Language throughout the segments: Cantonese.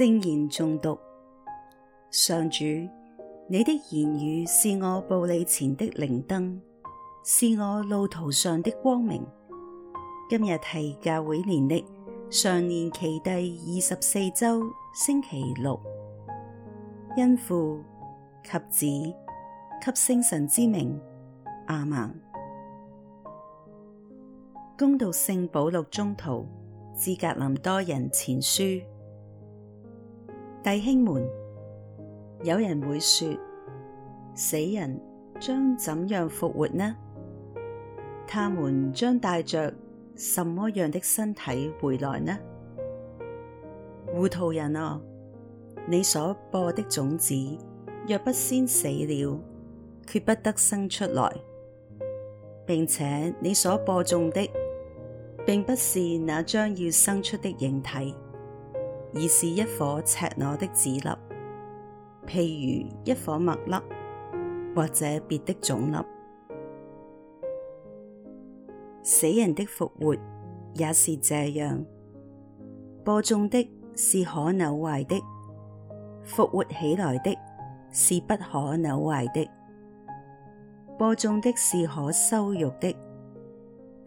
聖言誦讀。上主，你的言語是我步履前的靈燈，是我路途上的光明。今日係教會年曆上常年期第二十四周星期六，因父及子及聖神之名，阿門。恭讀聖保祿宗徒，致格林多人前書。弟兄們，有人會說：死人將怎樣復活呢？他們將帶着什麼樣的身體回來呢？糊塗人哦、啊，你所播的種子，若不先死了，決不得生出來，並且你所播種的，並不是那將要生出的形體。而是一顆赤裸的籽粒，譬如一顆麥粒，或者別的種粒。死人的復活也是這樣，播種的是可朽壞的，復活起來的是不可朽壞的；播種的是可羞辱的，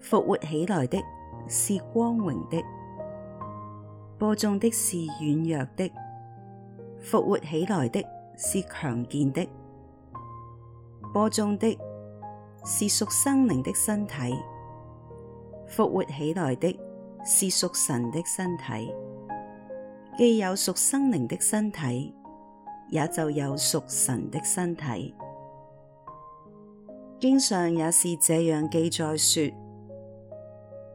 復活起來的是光榮的。播種的是軟弱的，復活起來的是強健的。播種的是屬生靈的身體，復活起來的是屬神的身體。既有屬生靈的身體，也就有屬神的身體。經上也是這樣記載說：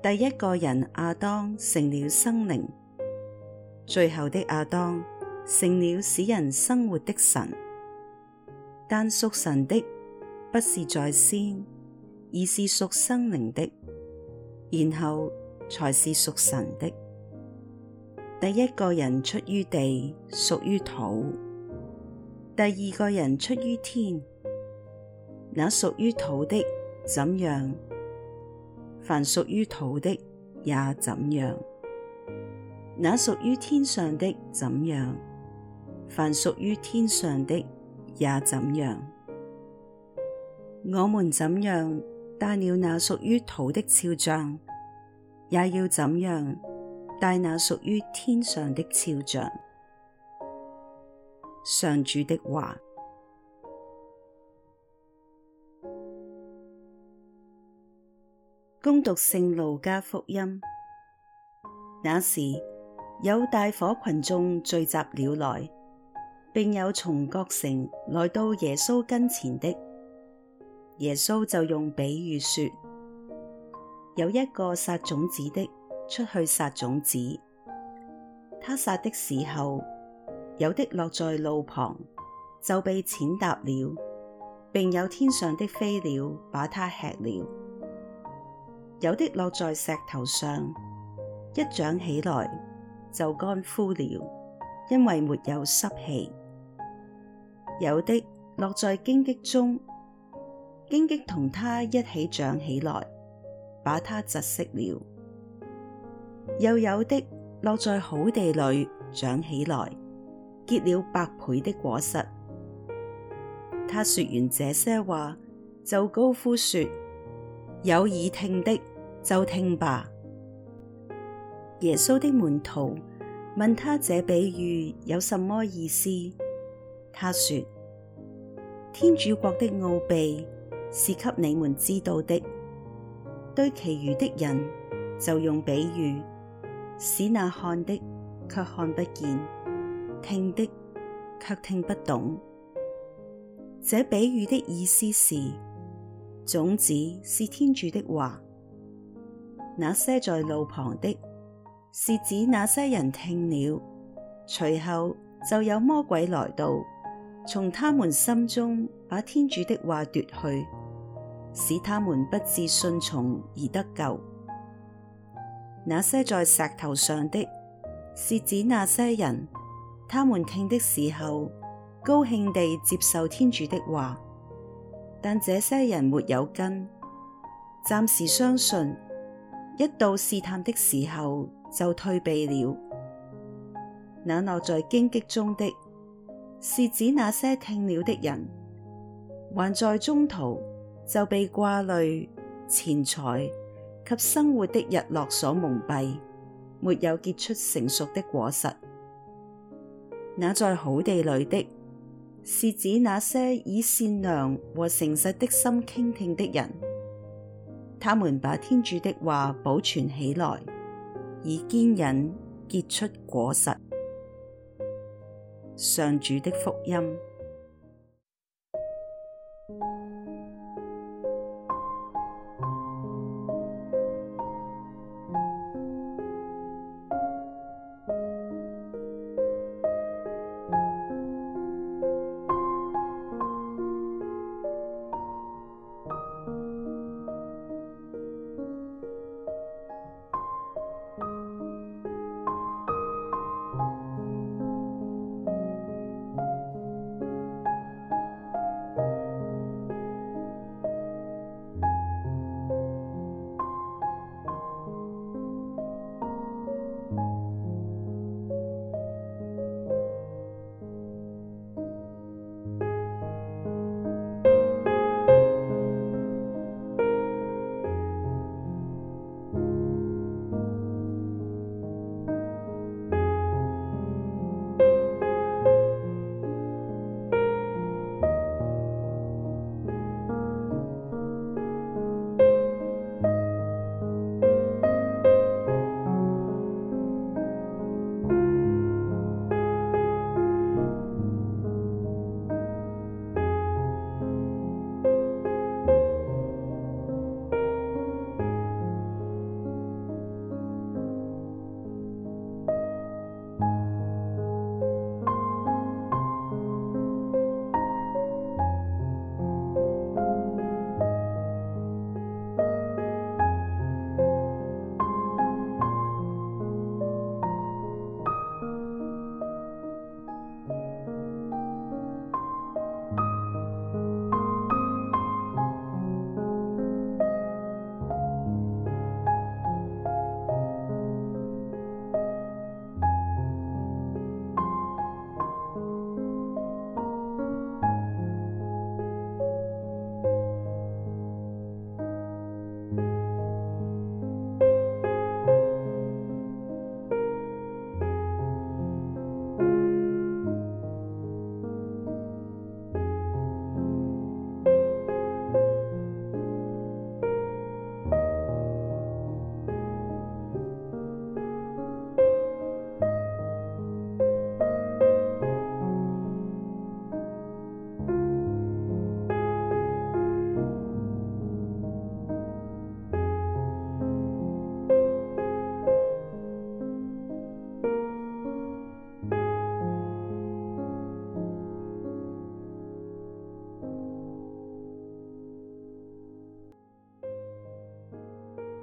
第一個人亞當成了生靈。最後的亞當成了使人生活的神，但屬神的不是在先，而是屬生靈的，然後才是屬神的。第一個人出於地，屬於土；第二個人出於天，那屬於土的怎樣，凡屬於土的也怎樣。那屬於天上的怎樣，凡屬於天上的也怎樣。我們怎樣帶了那屬於土的肖像，也要怎樣帶那屬於天上的肖像。上主的話。恭讀聖路加福音，那時。有大夥群眾聚集了來，並有從各城來到耶穌跟前的。耶穌就用比喻說：有一個撒種子的出去撒種子，他撒的時候，有的落在路旁，就被踐踏了，並有天上的飛鳥把它吃了；有的落在石頭上，一長起來。就乾枯了，因為沒有濕氣。有的落在荊棘中，荊棘同它一起長起來，把它窒息了。又有，有的落在好地裏，長起來，結了百倍的果實。他說完這些話，就高呼說：有耳聽的就聽吧。耶穌的門徒問他這比喻有什麼意思。他說：天主國的奧秘是給你們知道的，對其餘的人就用比喻，使那看的卻看不見，聽的卻聽不懂。這比喻的意思是：種子是天主的話，那些在路旁的，是指那些人聽了，隨後就有魔鬼來到，從他們心中把天主的話奪去，使他們不至信從而得救。那些在石頭上的，是指那些人，他們聽的時候高興地接受天主的話，但這些人沒有根，暫時相信，一到試探的時候。就退避了。那落在荊棘中的，是指那些聽了的人，還在中途就被掛慮、錢財及生活的逸樂所蒙蔽，沒有結出成熟的果實。那在好地裏的，是指那些以善良和誠實的心傾聽的人，他們把天主的話保存起來。以堅忍結出果實。上主的福音。